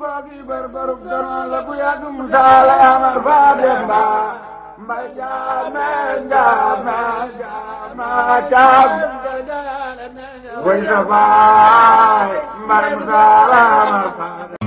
boogi barbaruk donoon la ku yàgg mu saala amar faa demba ma jaame jaame jaama jaam way sa faay mbay mu saala amar faa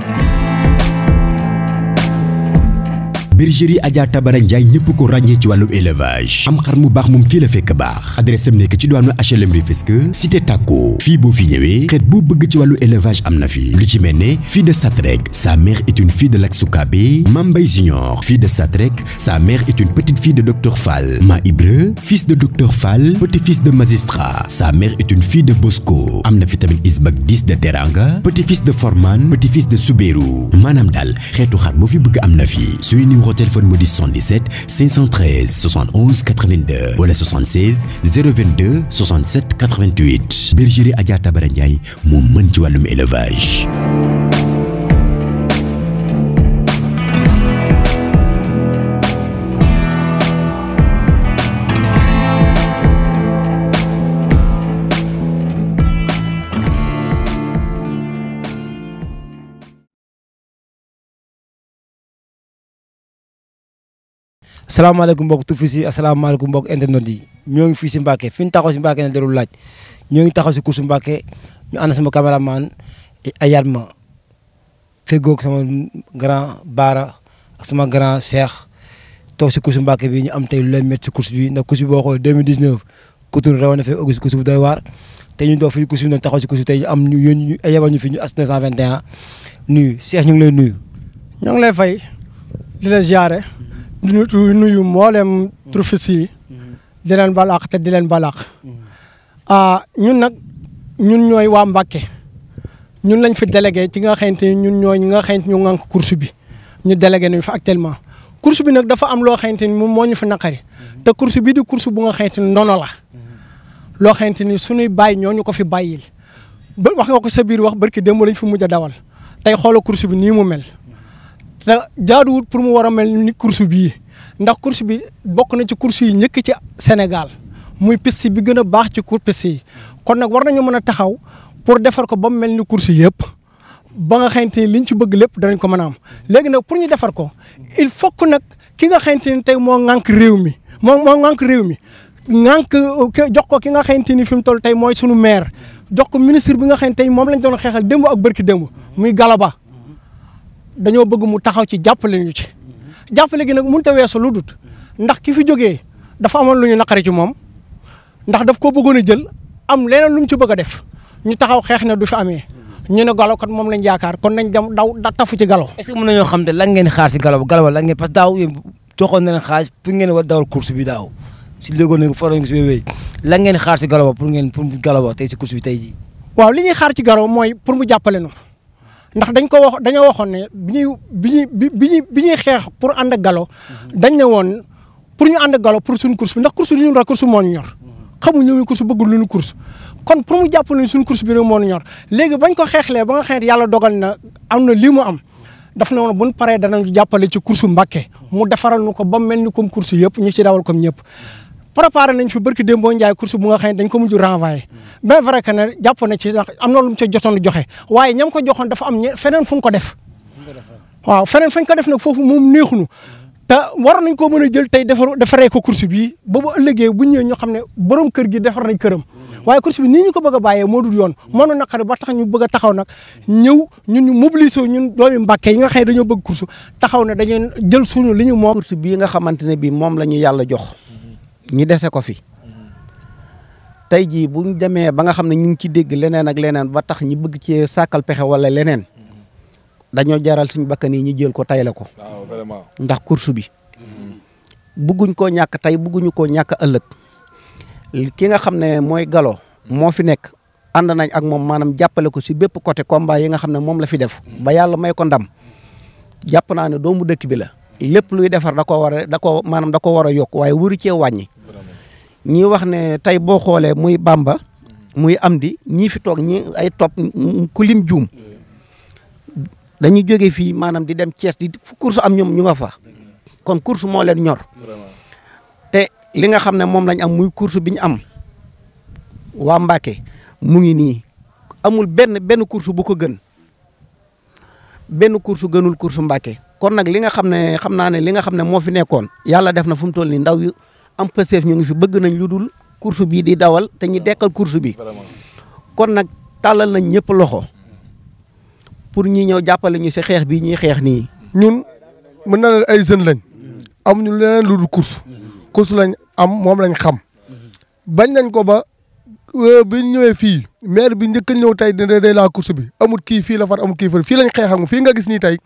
bergerie Adja Tabara Ndiaye ñepp ko ràññee ci élevage am xar mu bax mum fi la fekk bax adresse am nekk ci douane HLM Rufisque cité Tako fi bo fi ñëwee xet bo bëgg ci walu élevage amna fi lu ci melné fi de Satrek sa mère est une fille de Laksukabe Mambay Junior Fi de Satrek sa mère est une petite fille de docteur Fall Ma Ibre fils de docteur Fall petit-fils de magistrat sa mère est une fille de Bosco am fi tamit Isbak 10 de Teranga petit-fils de Forman petit-fils de Souberou manam dal xetu xar bo fi bëgg amna fi suñu téléphone modi 77 513 71 82 voilà 76 022 67 88 bergerie Adja Tabara salaamaaleykum mbokk tuuti si asalaamaaleykum mbokk internet yi ñoo ngi fii si Mbacke fi ñu taxaw si Mbacke ne delul laaj ñoo ngi taxaw si course Mbacke ñu ànd sama caméraman ayaat ma feggoog sama grand Baara ak sama grand Cheikh toog si course Mbacke bi ñu am tey lu leen métti si course bi ndax course bi boo xoolee 2019 Couture rawoon na fee Auguste course bu doy waar te ñu doon fii course bi doon taxaw si course bi tey am ñu ñu yebal ñu fi ñu as 921 nuyu Cheikh ñu ngi lay nuyu. ñoo ngi lay fay di du nuyu mboolem turfis yi mm-hmm. di leen balaax te di leen balaax mm-hmm. ah ñun nag ñun ñooy waa Mbàkke ñun lañ fi délégué ci nga xamante ni ñun ñooy ñi nga xamante ñu ŋànk course bi ñu délégué nañu fa actuellement course bi nag dafa am loo xamante ni moom moo ñu fi naqari mm-hmm. te course bi di course bu nga xamante ni ndono la loo xamante ni suñuy baay ñoo ñu ko fi bàyyil ba wax nga ko sa biir wax barki démb lañ fi mujj a dawal tey xoola course bi nii mu mel te jaaduwut pour mu war a mel ni course bii ndax course bi bok na ci course yi ñëk ci Sénégal muy piste bi gëna baax ci course piste yi kon nak war nañu mëna taxaw pour défar ko ba melni mel ni course yëpp ba nga xamante liñ ci bëgg lépp dañ ko mëna am légui nak pour ñu défar ko il faut que nak ki nga xamante ni tey ngank ŋànk réew mi mo mo ngank réew mi ngank jox ko ki nga xamante ni fim toll tay moy sunu maire jox ko ministre bi nga xam tay mom lañ doon xéxal dembu ak barki dembu muy galaba dañoo bëgg mu taxaw ci jappalé ñu ci jappale gi nak mënut wessu weesu ndax ki fi joge dafa amoon luñu nakari ci mom ndax daf ko bëggone jël am leneen luñu ci bëgg def ñu taxaw xex na du fi amé ñu ne galo kon mom lañ yaakaar kon nañ dem daw da tafu ci galo. est-ce mëna mën xam de la ngeen xaar ci galo galo la ngeen parce daw daaw joxoon na xaar pu ngeen wa dawal course bi daw ci legon nag faroñ ko si wéy lan ngeen xaar ci galo pour ngeen pour galo tay ci course bi tay ji waaw li ñuy xaar ci galo moy pour mu jàppale nu ndax dañ ko wax dañoo waxoon ne bi ñuy bi ñuy bi ñuy bi ñuy xeex pour ànd galo mhm. dañ ne woon pour ñu ànd galo Gallo pour suñu course bi ndax course li ñu ra course moo ñu ñor mhm. xamuñu ñooñu course bëggul lu ñu course kon pour mu jàpp ne suñu course bi rek moo ñu ñor léegi bañ ko xeexlee ba nga xeet yàlla dogal na am na lii mu am daf na woon bu buñ paree danañ jàppale ci course Mbàkke mu defaral nu ko ba mel ni comme course yëpp ñu ci dawal comme ñëpp préparé nañ fi barki démboo Ndiaye course bu nga xam ne dañ ko mujj renvoyé bien vrai que ne jàpp na ci am na lu mu ca joxe waaye ñam ko joxoon dafa am feneen fu ñu ko def waaw feneen fañ ko def na foofu moom neexuñu te war nañ koo mën a jël tey defaru defaree ko course bi ba bu ëllëgee bu ñëwee ñoo xam ne borom kër gi defar nañ këram waaye course bi nii ñu ko bëgg a bàyyee moo dul yoon moo nu naqari ba tax ñu bëgg a taxaw nag ñëw ñun ñu mobiliser wu ñun doomi Mbàkke yi nga xam dañoo bëgg course taxaw ne dañuy jël suñu li ñu moom course bii nga xamante ne bii moom la ñu yàlla jox ñi dese ko fi tey jii bu demee ba nga xam ne ñu ngi ci dégg leneen ak leneen ba tax ñi bëgg ci sàkkal pexe wala leneen dañoo jaral suñu bakkan yi ñu jël ko tay la ko ndax course bi bëgguñ koo ñàkk tey bëgguñu koo ñàkk ëllëg ki nga xam ne mooy Galo moo fi nekk ànd nañ ak moom maanaam jàppale ko si bépp côté combat yi nga xam ne moom la fi def ba yàlla may ko ndam jàpp naa ne doomu dëkk bi la lépp luy defar da koo war a da koo maanaam da koo war a yokk waaye wuru cee wàññi ñi wax ne tey boo xoolee muy Bamba muy am di ñii fi toog ñi ay topp ku lim juum dañuy jóge fii maanaam di dem Thiès di course am ñoom ñu nga fa kon course moo leen ñor te li nga xam ne moom lañ am muy course bi am waa Mbacke mu ngi nii amul benn benn course bu ko gën benn course gënul course Mbacke kon nag li nga xam ne xam naa ne li nga xam ne moo fi nekkoon yàlla def na fu mu toll nii ndaw yu am pëseef ñu ngi fi bëgg nañ lu dul course bii di dawal te ñu dekkal course bi kon nag tàllal nañ ñëpp loxo pour ñi ñëw jàppale ñu si xeex bi ñuy xeex nii. ñun mën na leen ay jeunes lañ amuñu leneen lu dul course course lañ am moom lañ xam bañ nañ ko ba euh, bi wee fii maire bi njëkk a ñëw tey dina day laa course bi amul kii fii la far amul kii fii lañ xeex ak fii nga gis nii tey.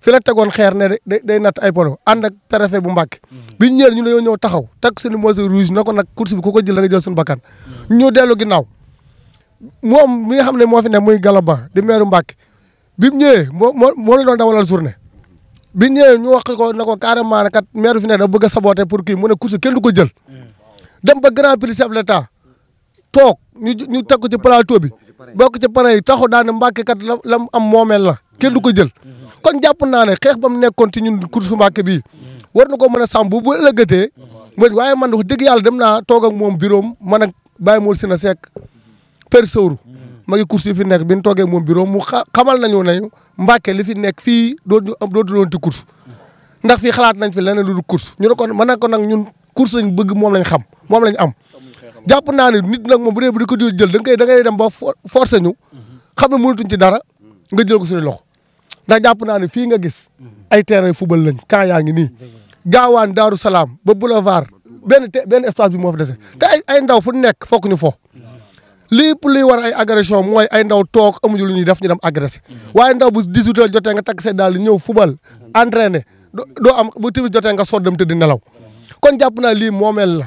fi la tegoon xeer ne day day natt ay pono ànd ak préfet bu Mbàkke mm. biñ ñëwee ñu dañoo ñëw taxaw takk suñu mose rouge na ko nag course bi ku ko jël da nga jël suñu bakkan mm. ñu dellu ginnaaw moom mi nga xam ne moo fi ne muy Galaba di meeru Mbàkke bi mu ñëwee moo moo moo la doon dawalal journée bi ñëwee ñu wax ko na ko carrément ne kat maire fi ne da bëgg a saboter pour mun a ne course kenn du ko jël mm. dem ba grand prix chef de l'État toog ñu ñu teg ko ci plateau bi bokk ci pare yi taxu daa ne mbàkke kat la la am moomeel la kenn du ko jël mm-hmm. kon jàpp naa ne xeex ba mu nekkoon ci ñun kursu mbàkke bii mm-hmm. war na ko mën a sàmm bu bu ëllëgatee mm-hmm. waaye man wax dëgg yàlla dem naa toog ak moom biroom man ak bàyyi mool si na seek per sawru ma ngi yi fi nekk bi ñu toogee moom bureau mu xamal nañu nañu Mbàkke li fi nekk fii dootu am dootu doon ci course ndax fii xalaat nañ fi leneen lu dul course ñu ne kon mën na ko nag ñun course lañ bëgg moom lañ xam moom lañ am jàpp naa ne nit nag moom bu dee bu di ko jël da nga koy da ngay dem ba ñu xam ne mënatuñ ci dara nga jël ko suñu loxo ndax jàpp naa ne fii nga gis ay terrain football lañ ka yaa ngi nii gaawaan daaru salaam ba boulevard benn benn espace bi moo fi dese te ay ay ndaw fu nekk fokk ñu fo lépp luy war ay agression mooy ay ndaw toog amuñu lu ñuy def ñu dem agressé waaye ndaw bu 18 heures jotee nga takk see daal ñëw football entraîné doo am bu timis jotee nga soog dem tëdd nelaw kon jàpp naa lii moomeel la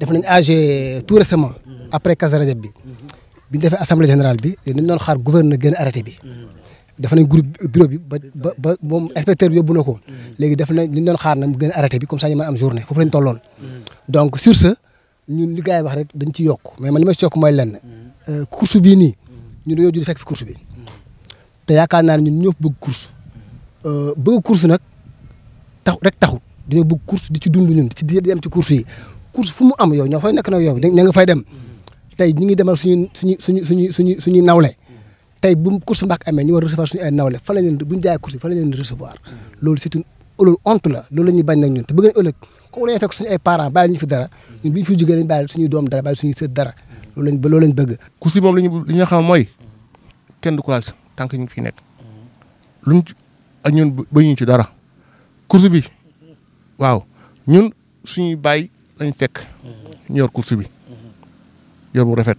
def nañ agé tout récemment après Kazu Rajab bi bi defé assemblée générale bi ñu doon xaar gouverneur gën arrêté bi def nañ groupe bureau bi ba ba ba inspecteur bi yóbbu ko légui def nañ ñu doon xaar na gën arrêté bi comme ça ñu mën am journée fofu lañ tolloon donc sur ce ñun li gars wax rek dañ ci yok mais man li ma ci yokk mooy lenn euh, course bi ni ñu dañoo judd fekk fi course bi te yaakaar naa ne ñun ñëpp bëgg course euh, bëgg course nak tax rek taxut dañoo bëgg course di ci dund ñun ci di dem ci course yi course fu mu am yow ñoo fay nekk nag yow ña nga fay dem tey ñu ngi demal suñu suñu suñu suñu suñu suñuy nawle tey bu course mbàkk amee ñu war recevoir suñu ay nawle fa la bu ñu jaayee course bi recevoir loolu c'est une la loolu la ñuy bañ nag ñun te bëgg nañ ëllëg comme dañuy suñu ay parents bàyyi ñu fi dara dara loolu lañ loolu dara course bi waaw ñun suñuy bàyyi dañ fekk ñu yor course bi yor bu rafet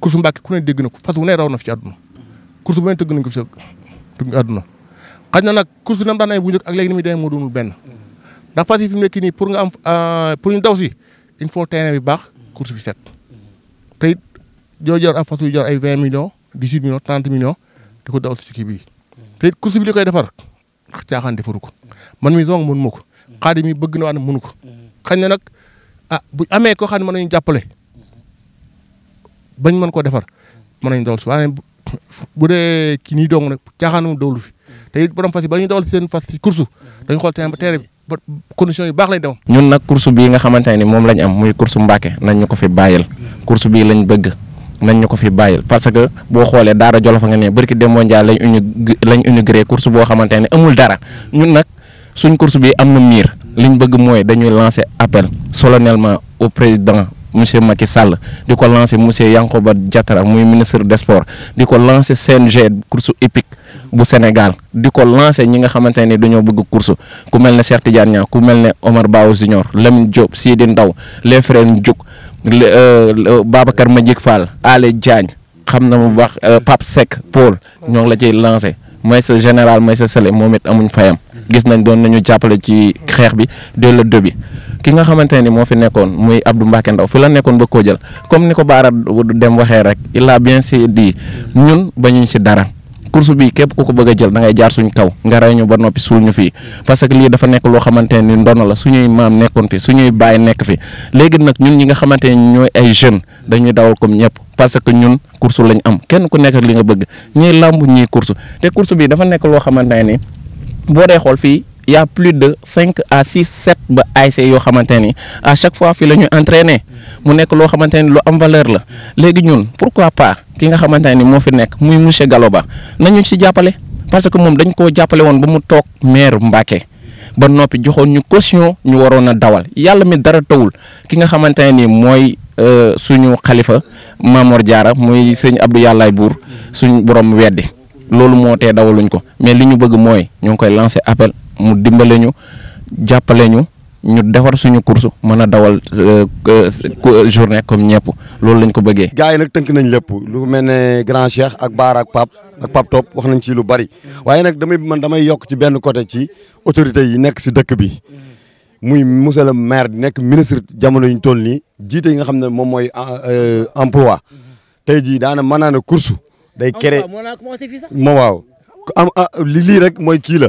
course Mbàkke ku ne dégg na ko fas wu ne raw na fi ci àdduna course bu ne tëgg nañ ko fi sa tëgg àdduna xaj na a course nam daan ay bu njëkk ak léegi ni muy demee moo doonul benn ndax fas yi fi mu nekk nii pour nga am euh, pour daw si il faut terrain bi baax course bi set te it yoo jor ak fas a jor ay vingt millions dix-huit millions trente millions di daw si kii bii te it course defar caaxaan defaru man mi ma ko xaadim mi bëgg ah bu amee ko xam ne mën nañu jàppale bañ mën ko defar mën nañ dawal si waaye bu dee kii nii dong nag caaxaanum dawlu fi te it borom fas yi ba ñu dawal seen fas ci course dañu xool terrain ba terrain bi condition yu baax lay dem. ñun nag course bii nga xamante ni moom lañu am muy course Mbacke nañ ñu ko fi bàyyil course bii lañ bëgg. nañ ñu ko fi bàyyil parce que boo xoolee daara jolof nga ne barki dem mondial lañ uni lañ unigré course boo xamante ne amul dara ñun nag suñ course bi am na miir liñ bëgg mooy dañuy lancer appel solennellement au président monsieur Macky Sall di ko lancer monsieur Yankoba jatra muy ministre des sports di ko lancer CNG course épic bu Sénégal di ko lancer ñi nga xamante ne dañoo bëgg course ku mel ne Cheikh Tidiane Niang ku mel ne Omar Bao Junior Lamine Diop Sidi Ndaw les frères Ndiouk euh, Babacar Madjik Fall Ale Diagne xam na mu baax euh, Pape Seck Paul ñoo la ciy lancer. mooy sa général mooy sa sele moom it amuñ fayam gis nañ doon nañu jàppale ci xeex bi dès le début ki nga xamante ne moo fi nekkoon muy Abdou Mbacke Ndaw fi la nekkoon ba koo jël comme ni ko Baara dem waxee rek il a bien si di ñun ñu si dara. course bi képp ku ko bëgg a jël da ngay jaar suñu kaw nga rey ba noppi suul ñu fii parce que lii dafa nekk loo xamante ni ndono la suñuy maam nekkoon fi suñuy baay nekk fi léegi nag ñun ñi nga xamante ni ñooy ay jeunes dañuy dawal comme ñëpp parce que ñun course lañ am kenn ku nekk li nga bëgg ñiy làmb ñiy course te course bii dafa nekk loo xamante ni boo dee xool fii y a plus de cinq à six sept ba ASC yoo xamante ni à chaque fois fii la ñuy entraîner mu nekk loo xamante ni lu am valeur la léegi ñun pourquoi pas ki nga xamante ni moo fi nekk muy monsieur Gallo Ba nañu ci jàppale parce que moom dañ koo jàppale woon ba toog maire Mbacké ba noppi joxoon ñu caution ñu waroon a dawal yàlla mi dara tawul ki nga xamante ni mooy euh, suñu xalifa Mamor jaara muy sëñ Abdou Yàllaay Buur suñ borom weddi loolu moo tee dawaluñ ko mais li ñu bëgg mooy ñu ngi koy lancer appel. mu dimbale ñu jàppale ñu ñu defar suñu course mën a dawal euh, euh, journée comme ñëpp loolu lañ ko bëggee. gaa yi nag tënk nañ lépp lu mel ne grand cheikh ak Baara ak Pape ak Pape Top wax nañ ci lu bari waaye nag damay man damay yokk ci benn côté ci autorité yi nekk si dëkk bi muy monsieur maire di nekk ministre jamono yi ñu toll nii jiite yi nga xam ne moom mooy euh, emploi tey jii daana mën naa ne course day créé moo waaw am ah, rek mooy kii la.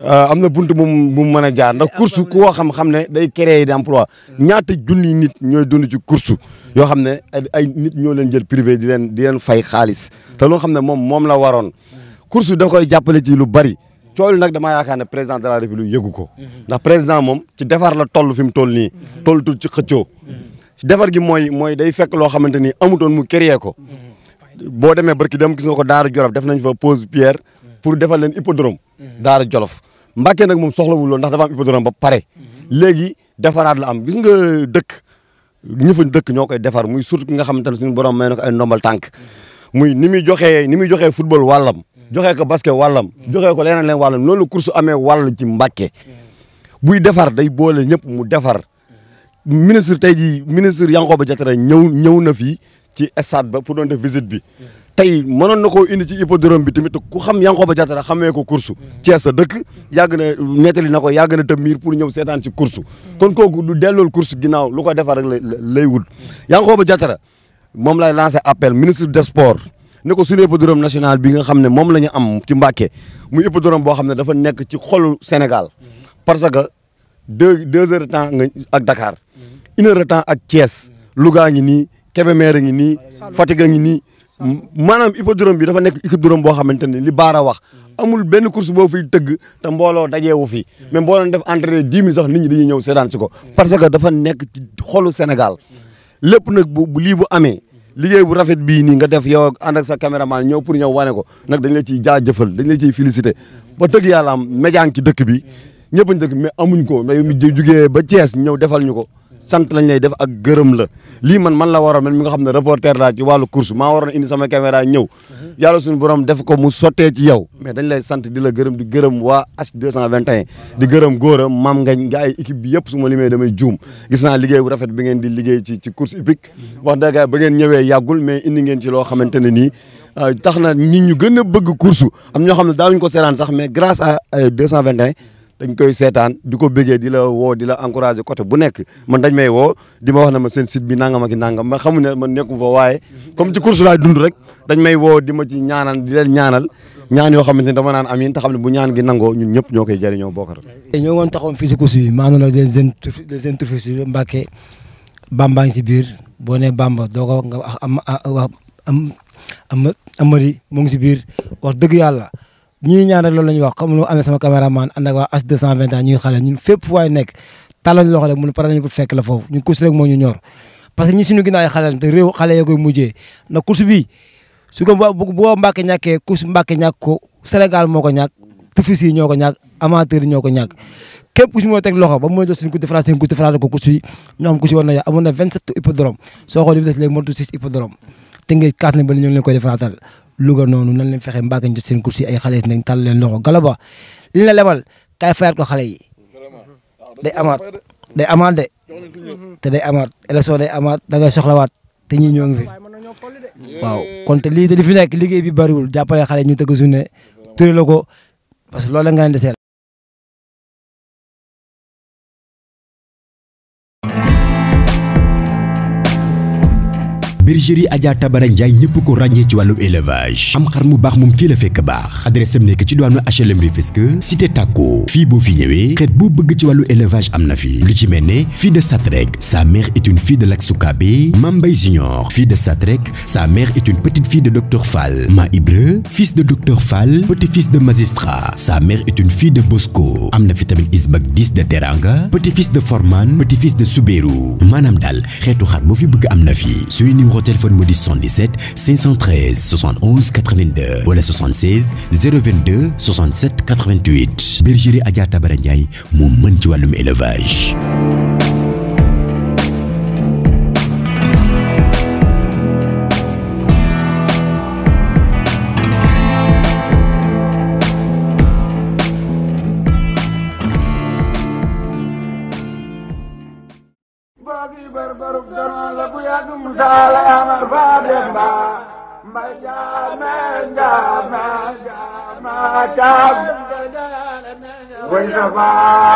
Euh, am na buntu bu mu mën a jaar ndax course ku koo xam xam ne day créer d' emploi hmm. ñaata junni nit ñooy dund ci course yoo xam ne ay nit ñoo leen jël privé di leen di leen fay xaalis hmm. te loo xam ne moom moom la waroon hmm. course da koy jàppale ci lu bari coow nag damaa yaakaar ne président de la république yëgu ko ndax président moom ci defar la toll fi mu toll nii tollatul ci xëccoo ci defar gi mooy mooy day fekk loo xamante ni amutoon mu créer ko boo demee barki dem gis nga ko Daaru Jolof def nañ daara jolof Mbàkke nag moom soxlawul loolu ndax dafa am hippodrome ba pare léegi defaraat la am gis nga dëkk ñu dëkk ñoo koy defar muy surtout ki nga xamante ne suñu borom may na ko ay tànk muy ni muy joxee ni muy joxee football wàllam joxee ko basket wàllam joxee ko leneen leen wàllam loolu course amee wàll ci Mbàkke buy defar day boole ñëpp mu defar ministre tey jii ministre ba Diattara ñëw ñëw na fii ci stade ba pour doon def visite bi tey mënoon na koo indi ci hippodrome bi tamit ku xam Yankhoba Diattara xamee ko course Thiès sa dëkk yàgg na nettali na ko yàgg na tëb miir pour ñëw seetaan ci course kon kooku du dellool course ginnaaw lu defar rek lay lay wut Yankhoba Diattara moom lay lancé appel ministre des sports ne ko suñu hippodrome bi nga xam ne moom la ñu am ci Mbacké muy hippodrome boo xam ne dafa nekk ci xolu Sénégal parce que deux deux de temps nga ak Dakar une heure de temps ak Thiès Louga ngi nii Kébémer ngi ngi maanaam hippodrome bi dafa nekk hippodrome boo xamante ne li Baara wax amul benn course boo fiy tëgg te mbooloo dajeewu fi mais boo doon def entraîné dix mille sax nit ñi dañuy ñëw seetaan si ko parce que dafa nekk ci xolu Sénégal lépp nag bu lii bu amee liggéey bu rafet bii nii nga def yow ànd ak sa caméraman ñëw pour ñëw wane ko nag dañ la ciy jaajëfal dañ la ciy félicité ba tëgg yàlla am média ci dëkk bi ñëpp ñu dëkk mais amuñ ko mu mi jugee ba Thiès ñëw defal ñu ko sant lañ lay def ak gërëm la lii man man la waroon man mi nga xam ne reporter laa ci wàllu course maa waroon indi sama caméra ñëw mhm. yàlla suñu borom def ko mu sotee ci yow mais dañ lay sant di la gërëm di gërëm waa H221 di gërëm góora mam ngañ nga ay équipe bi yëpp su ma limee damay juum gis naa liggéey bu rafet bi ngeen di liggéey ci ci course hippique mhm. wax dëgg ba ngeen ñëwee yàggul mais indi ngeen ci loo xamante ne nii euh, tax na nit ñu gën a bëgg course am ñoo xam ne daawuñ ko seeraan sax mais grâce à 221 euh, dañ koy seetaan di ko bëggee di la woo di la encouragé côté bu nekk man dañ may woo di ma wax ne ma seen site bi nangam ak nangam ma xamu ne man nekku fa waaye comme ci course laay dund rek dañ may woo di ma ci ñaanal di leen ñaanal ñaan yoo xamante ne dama naan amiin te xam ne bu ñaan gi nangoo ñun ñëpp ñoo koy jëriñoo bokkar ñoo ngoon taxoon fii si course bi maa noona les jeunes les baam turfistes yi ngi si biir boo nee Bamba doo ko wax nga wax am am amari mu ngi si biir wax dëgg yàlla ñuy ñaan rek loolu la ñuy wax comme lu amee sama caméraman ànd ak waa H221 ñuy xale ñun fépp fu waay nekk tàllal ñu loxo rek mun pare nañu pour la foofu ñun course rek moo ñu ñor parce que ñi suñu ginnaaw ay xale te réew xale ya koy mujjee na course bi ko bu moo ko ñàkk tufis yi ñoo ko ñàkk amateur yi ñoo ko ñàkk képp ku si teg loxo ba mu jox suñu coup de France seen coup de France ko course bi ñu xam na ya amoon na soo xool li mu des léegi motu 6 hippodrome te Louga noonu nan leen fexe mbaa ngeen jot seen kursi ay xale nañ tàll leen loxo Galaba li la lebal kaay fayaat ko xale yi day amaat day amaat de te day amaat élection day amaat da ngay soxlawaat te ñii ñoo ngi fi waaw kon te lii te di fi nekk liggéey bi bariwul jàppale xale ñu tëgg suñu ne turé la ko parce que loolu la nga leen deseel bergerie Adja Tabara Ndiaye ñepp ko ràññee ci walu élevage am xar mu bax mum fi la fekk bax adresse am nekk ci douane HLM Rufisque cité Tako fi bo fi ñëwee xet boo bëgg ci walu élevage amna fi lu ci melné fille de Satrek sa mère est une fille de Laksukabe Mambay Junior fille de Satrek sa mère est une petite fille de docteur Fall Ma Ibre fils de docteur Fall petit-fils de magistrat sa mère est une fille de Bosco amna tamin fi tamit Isbak 10 de Teranga petit-fils de Forman petit-fils de Souberou maanaam daal xeetu xar bo fi bëgg amna fi suñu téléphone modi 77 513 71 82 la 76 022 67 88 bergerie Adja Tabara mon élevage. Shabbat. Shabbat.